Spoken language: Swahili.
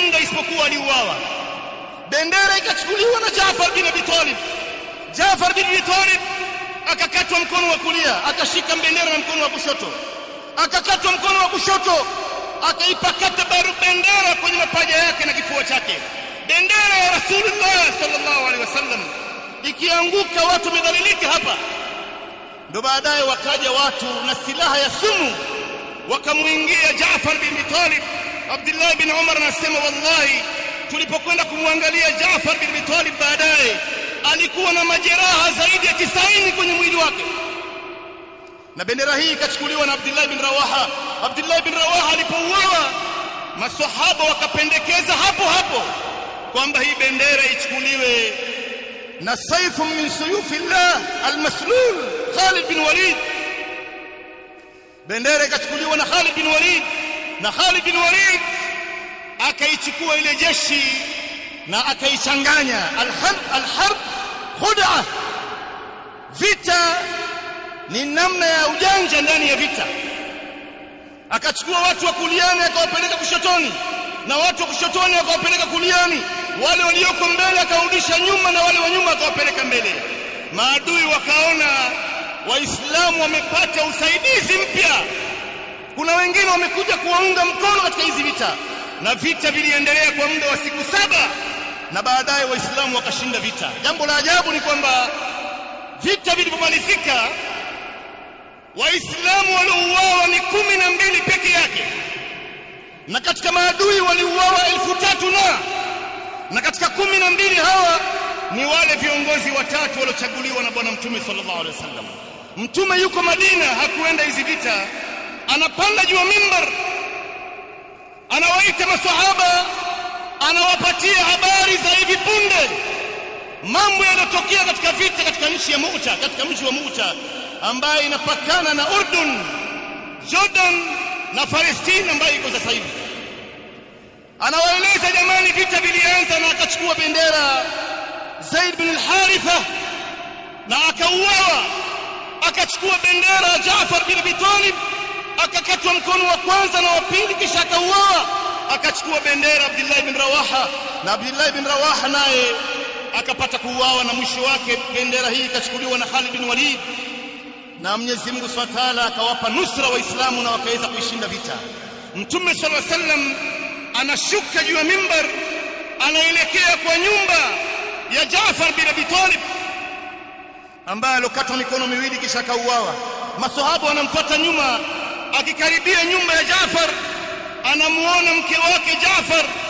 muda isipokuwa aliuawa bendera ikachukuliwa na Jaafar bin Abi Talib Jaafar bin Abi Talib akakatwa mkono wa kulia akashika bendera na mkono wa kushoto akakatwa mkono wa kushoto akaipakata baru bendera kwenye mapaja yake na kifua chake bendera ya Rasulullah sallallahu alaihi wasallam ikianguka watu wamedhalilika hapa ndo baadaye wakaja watu na silaha ya sumu wakamuingia Jaafar bin Talib Abdullah bin Umar anasema wallahi, tulipokwenda kumwangalia Jaafar bin Abi Talib baadaye, alikuwa na majeraha zaidi ya tisaini kwenye mwili wake, na bendera hii ikachukuliwa na Abdullah bin Rawaha. Abdullah bin Rawaha alipouawa, maswahaba wakapendekeza hapo hapo kwamba hii bendera ichukuliwe na saifu min suyufi llah almaslul Khalid bin Walid. Bendera ikachukuliwa na Khalid bin Walid na Khalid bin Walid akaichukua ile jeshi na akaichanganya alharb alharb khud'a vita ni namna ya ujanja ndani ya vita akachukua watu wa kuliani akawapeleka kushotoni na watu wa kushotoni akawapeleka kuliani wale walioko mbele akarudisha nyuma na wale wa nyuma akawapeleka mbele maadui wakaona waislamu wamepata usaidizi mpya kuna wengine wamekuja kuwaunga mkono katika hizi vita na vita viliendelea kwa muda wa siku saba na baadaye waislamu wakashinda vita jambo la ajabu ni kwamba vita vilipomalizika waislamu waliouawa ni kumi na mbili peke yake na katika maadui waliuawa elfu tatu na na katika kumi na mbili hawa ni wale viongozi watatu waliochaguliwa na bwana mtume sallallahu alaihi wasallam mtume yuko madina hakuenda hizi vita anapanda juu ya mimbar, anawaita masahaba, anawapatia habari za hivi punde mambo yaliyotokea katika vita katika nchi ya Mu'ta, katika mji wa Mu'ta ambayo inapakana na Urdun, Jordan na Palestina ambayo iko sasa hivi. Anawaeleza jamani, vita vilianza, na akachukua bendera Zaid bin al-Haritha na akauawa, akachukua bendera Jaafar bin Abi Talib akakatwa mkono wa kwanza na wa pili, kisha akauawa. Akachukua bendera Abdullah ibn Rawaha, na Abdullah ibn Rawaha naye akapata kuuawa, na mwisho wake bendera hii ikachukuliwa na Khalid bin Walid, na Mwenyezi Mungu Subhanahu wa Ta'ala akawapa nusra Waislamu na wakaweza kuishinda vita. Mtume sallallahu alaihi wasallam anashuka juu ya mimbar, anaelekea kwa nyumba ya Jaafar bin Abi Talib ambaye alokatwa mikono miwili kisha akauawa. masahabu wanamfuata nyuma akikaribia nyumba ya Jafar anamuona mke wake Jafar